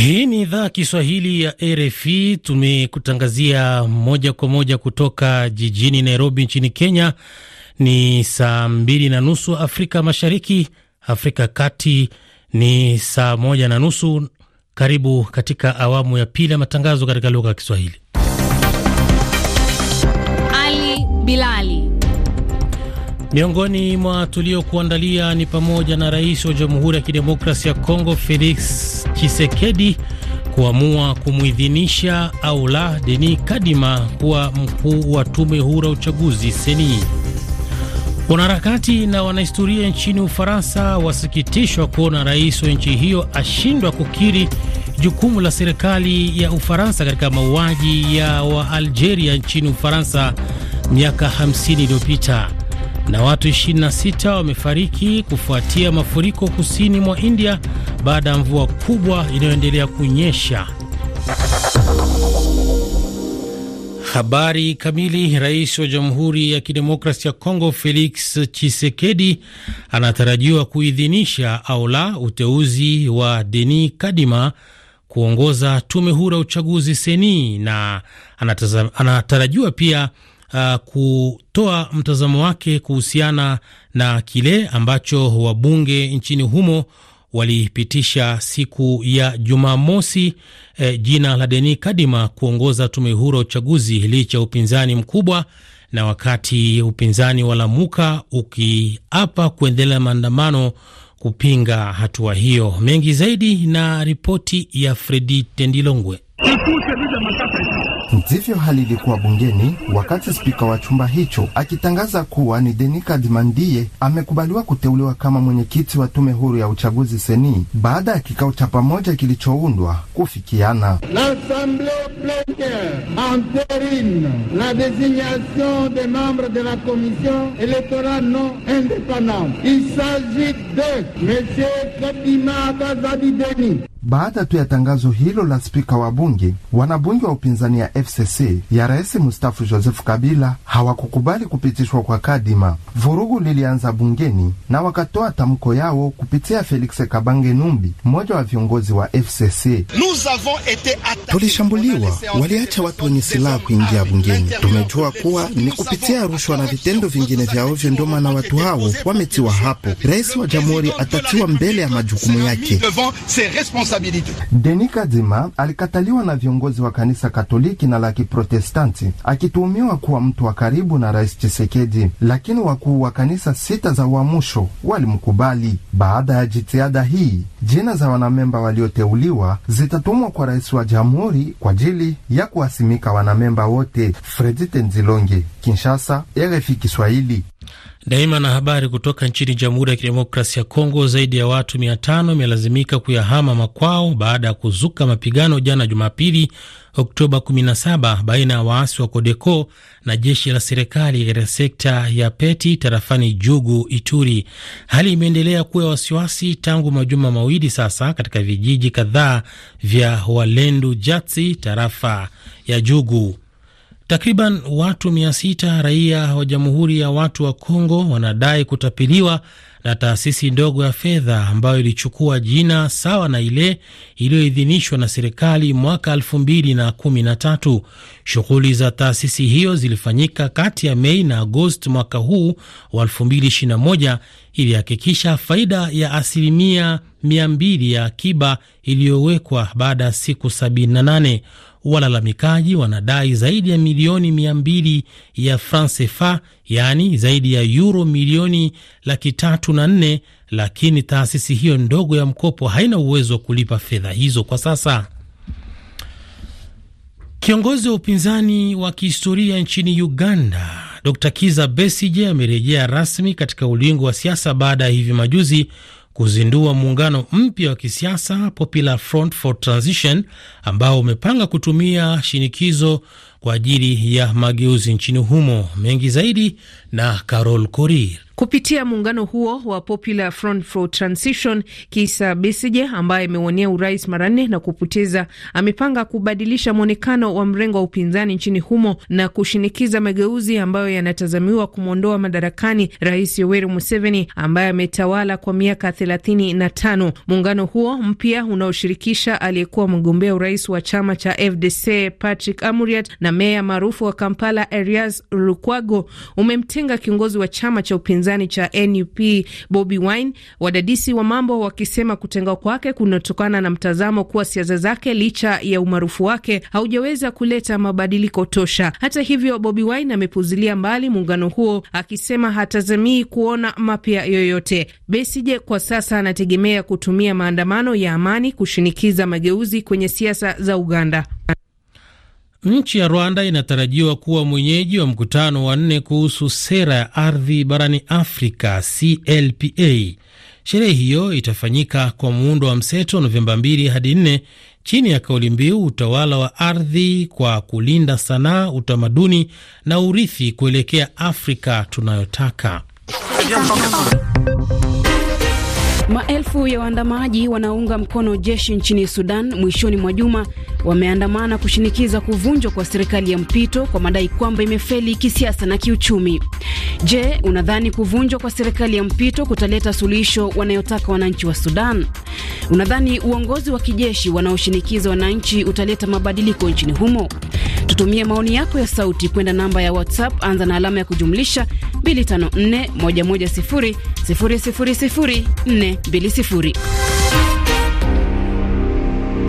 Hii ni idhaa Kiswahili ya RFI. Tumekutangazia moja kwa moja kutoka jijini Nairobi nchini Kenya. Ni saa mbili na nusu Afrika Mashariki, Afrika Kati ni saa moja na nusu. Karibu katika awamu ya pili ya matangazo katika lugha ya Kiswahili. Ali Bilali. Miongoni mwa tuliokuandalia ni pamoja na rais wa Jamhuri ya Kidemokrasia ya Kongo Felix Tshisekedi kuamua kumwidhinisha au la Denis Kadima kuwa mkuu wa tume huru ya uchaguzi seni. Wanaharakati na wanahistoria nchini Ufaransa wasikitishwa kuona rais wa nchi hiyo ashindwa kukiri jukumu la serikali ya Ufaransa katika mauaji ya Waalgeria nchini Ufaransa miaka 50 iliyopita. Na watu 26 wamefariki kufuatia mafuriko kusini mwa India baada ya mvua kubwa inayoendelea kunyesha. Habari kamili. Rais wa Jamhuri ya Kidemokrasi ya Kongo Felix Tshisekedi anatarajiwa kuidhinisha au la uteuzi wa Denis Kadima kuongoza tume huru ya uchaguzi seni na anatarajiwa pia uh, kutoa mtazamo wake kuhusiana na kile ambacho wabunge nchini humo walipitisha siku ya Jumamosi e, jina la Denis Kadima kuongoza tume huru ya uchaguzi licha ya upinzani mkubwa, na wakati upinzani wa Lamuka ukiapa kuendelea maandamano kupinga hatua hiyo. Mengi zaidi na ripoti ya Fredi Tendilongwe. Ndivyo hali ilikuwa bungeni wakati spika wa chumba hicho akitangaza kuwa ni Denika Dimandie amekubaliwa kuteuliwa kama mwenyekiti wa tume huru ya uchaguzi seni baada ya kikao cha pamoja kilichoundwa kufikiana. la membres de la Il s'agit de Monsieur Kadima Deni baada tu ya tangazo hilo la spika wa bunge, wanabunge wa upinzani ya FCC ya rais mustafu Joseph Kabila hawakukubali kupitishwa kwa Kadima. Vurugu lilianza bungeni na wakatoa tamko yao kupitia Felix Kabange Numbi, mmoja wa viongozi wa FCC. Tulishambuliwa, waliacha watu wenye silaha kuingia bungeni. Tumejua kuwa ni kupitia rushwa na vitendo vingine vya ovyo, ndio maana watu hao wametiwa hapo. Rais wa jamhuri atatiwa mbele ya majukumu yake responsabilite. Denis Kadima alikataliwa na viongozi wa kanisa Katoliki na la Kiprotestanti, akituhumiwa kuwa mtu wa karibu na Rais Chisekedi, lakini wakuu wa kanisa sita za uamusho walimkubali. Baada ya jitihada hii, jina za wanamemba walioteuliwa zitatumwa kwa rais wa jamhuri kwa ajili ya kuwasimika wanamemba wote. Fredi Tenzilonge, Kinshasa, RFI Kiswahili. Daima na habari kutoka nchini Jamhuri ya Kidemokrasia ya Kongo, zaidi ya watu mia tano wamelazimika kuyahama makwao baada ya kuzuka mapigano jana Jumapili, Oktoba 17 baina ya waasi wa Kodeko na jeshi la serikali katika sekta ya Peti tarafani Jugu, Ituri. Hali imeendelea kuwa wasiwasi tangu majuma mawili sasa katika vijiji kadhaa vya Walendu Jatsi tarafa ya Jugu. Takriban watu mia sita raia wa Jamhuri ya Watu wa Kongo wanadai kutapiliwa na taasisi ndogo ya fedha ambayo ilichukua jina sawa na ile iliyoidhinishwa na serikali mwaka tatu. Shughuli za taasisi hiyo zilifanyika kati ya Mei na Agosti mwaka huu wa moja ilihakikisha faida ya asilimia mia mbili ya akiba iliyowekwa baada ya siku 78. Walalamikaji wanadai zaidi ya milioni mia mbili ya franc CFA, yaani zaidi ya yuro milioni laki tatu na nne, lakini taasisi hiyo ndogo ya mkopo haina uwezo wa kulipa fedha hizo kwa sasa. Kiongozi wa upinzani wa kihistoria nchini Uganda, Dr Kiza Besige amerejea rasmi katika ulingo wa siasa baada ya hivi majuzi kuzindua muungano mpya wa kisiasa Popular Front for Transition ambao umepanga kutumia shinikizo kwa ajili ya mageuzi nchini humo. Mengi zaidi na Carol Korir kupitia muungano huo wa Popular Front for Transition. Kisa Besije ambaye amewania urais mara nne na kupoteza, amepanga kubadilisha mwonekano wa mrengo wa upinzani nchini humo na kushinikiza mageuzi ambayo yanatazamiwa kumwondoa madarakani Rais Yoweri Museveni ambaye ametawala kwa miaka thelathini na tano. Muungano huo mpya unaoshirikisha aliyekuwa mgombea urais wa chama cha FDC Patrick Amuriat na meya maarufu wa Kampala Erias Lukwago umemtenga kiongozi wa chama cha upinzani upinzani cha NUP Bobi Wine, wadadisi wa mambo wakisema kutengwa kwake kunatokana na mtazamo kuwa siasa zake licha ya umaarufu wake haujaweza kuleta mabadiliko tosha. Hata hivyo, Bobi Wine amepuzilia mbali muungano huo akisema hatazamii kuona mapya yoyote. Besije kwa sasa anategemea kutumia maandamano ya amani kushinikiza mageuzi kwenye siasa za Uganda. Nchi ya Rwanda inatarajiwa kuwa mwenyeji wa mkutano wa nne kuhusu sera ya ardhi barani Afrika, CLPA. Sherehe hiyo itafanyika kwa muundo wa mseto Novemba 2 hadi 4 chini ya kauli mbiu utawala wa ardhi kwa kulinda sanaa, utamaduni na urithi kuelekea Afrika tunayotaka. Maelfu ya waandamaji wanaunga mkono jeshi nchini Sudan mwishoni mwa juma wameandamana kushinikiza kuvunjwa kwa serikali ya mpito kwa madai kwamba imefeli kisiasa na kiuchumi. Je, unadhani kuvunjwa kwa serikali ya mpito kutaleta suluhisho wanayotaka wananchi wa Sudan? Unadhani uongozi wa kijeshi wanaoshinikiza wananchi utaleta mabadiliko nchini humo? Tutumie maoni yako ya sauti kwenda namba ya WhatsApp, anza na alama ya kujumlisha 254110000420.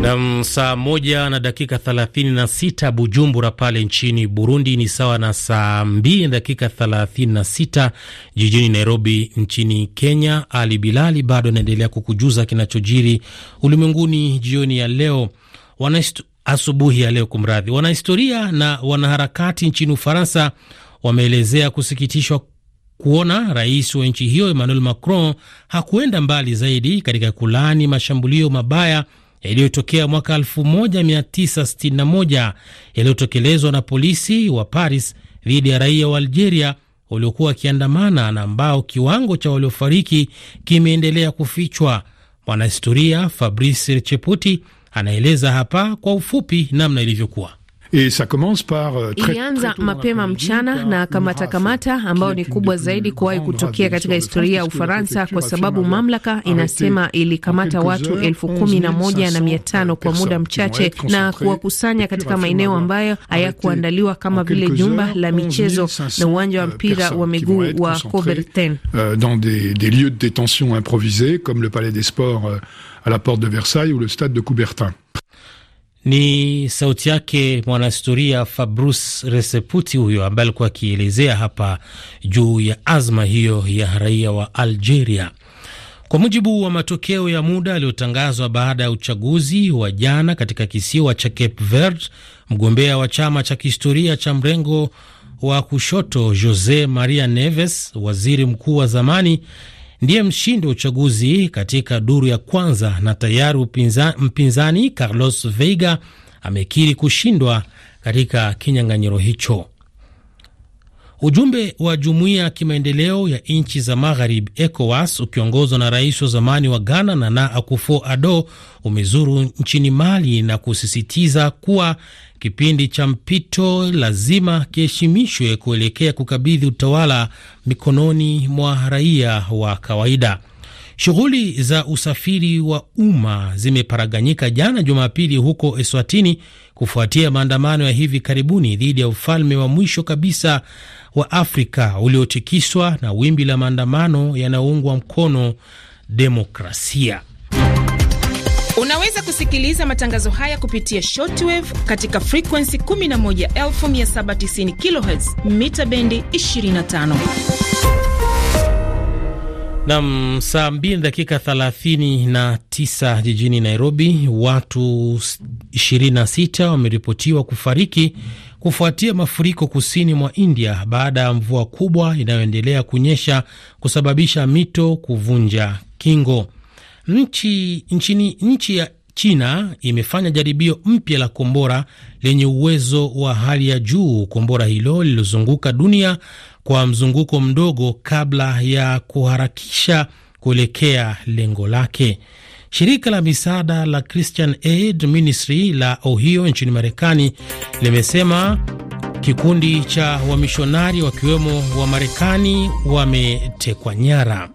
Nam, saa moja na dakika 36 Bujumbura pale nchini Burundi ni sawa na saa mbili na dakika 36 jijini Nairobi nchini Kenya. Ali Bilali bado anaendelea kukujuza kinachojiri ulimwenguni jioni ya leo asubuhi ya leo. Kumradhi, wanahistoria na wanaharakati nchini Ufaransa wameelezea kusikitishwa kuona rais wa nchi hiyo Emmanuel Macron hakuenda mbali zaidi katika kulani mashambulio mabaya yaliyotokea mwaka 1961 yaliyotekelezwa na polisi wa Paris dhidi ya raia wa Algeria waliokuwa wakiandamana na ambao kiwango cha waliofariki kimeendelea kufichwa. Mwanahistoria Fabrice Cheputi anaeleza hapa kwa ufupi namna ilivyokuwa e ça commence par, euh, tre, ilianza mapema mchana na kamata kamata ambayo ni kubwa zaidi kuwahi kutokea katika historia ya Ufaransa, kwa sababu mamlaka inasema ilikamata watu elfu kumi na moja na mia tano kwa muda mchache na kuwakusanya katika maeneo ambayo hayakuandaliwa kama vile jumba la michezo na uwanja wa euh, mpira wa miguu wa Coubertin euh, dans des, des lieux de détention improvisés comme le palais des sports à la porte de Versailles ou le stade de Coubertin. Ni sauti yake mwanahistoria Fabrice Reseputi huyo ambaye alikuwa akielezea hapa juu ya azma hiyo ya raia wa Algeria. Kwa mujibu wa matokeo ya muda yaliyotangazwa baada ya uchaguzi wa jana katika kisiwa cha Cape Verde, mgombea wa chama cha kihistoria cha mrengo wa kushoto Jose Maria Neves, waziri mkuu wa zamani ndiye mshindi wa uchaguzi katika duru ya kwanza na tayari mpinzani Carlos Veiga amekiri kushindwa katika kinyang'anyiro hicho. Ujumbe wa jumuiya ya kimaendeleo ya nchi za magharibi ECOWAS ukiongozwa na rais wa zamani wa Ghana Nana akufo ado umezuru nchini Mali na kusisitiza kuwa kipindi cha mpito lazima kiheshimishwe kuelekea kukabidhi utawala mikononi mwa raia wa kawaida. Shughuli za usafiri wa umma zimeparaganyika jana Jumapili huko Eswatini kufuatia maandamano ya hivi karibuni dhidi ya ufalme wa mwisho kabisa wa Afrika uliotikiswa na wimbi la maandamano yanayoungwa mkono demokrasia. Unaweza kusikiliza matangazo haya kupitia shortwave katika frequency 11790 kHz mita bendi 25. Nam, saa mbili dakika thelathini na tisa jijini Nairobi. Watu 26 wameripotiwa kufariki kufuatia mafuriko kusini mwa India baada ya mvua kubwa inayoendelea kunyesha kusababisha mito kuvunja kingo. Nchi, nchini, nchi ya China imefanya jaribio mpya la kombora lenye uwezo wa hali ya juu, kombora hilo lililozunguka dunia kwa mzunguko mdogo kabla ya kuharakisha kuelekea lengo lake. Shirika la misaada la Christian Aid Ministry la Ohio nchini Marekani limesema kikundi cha wamishonari wakiwemo wa Marekani wametekwa nyara.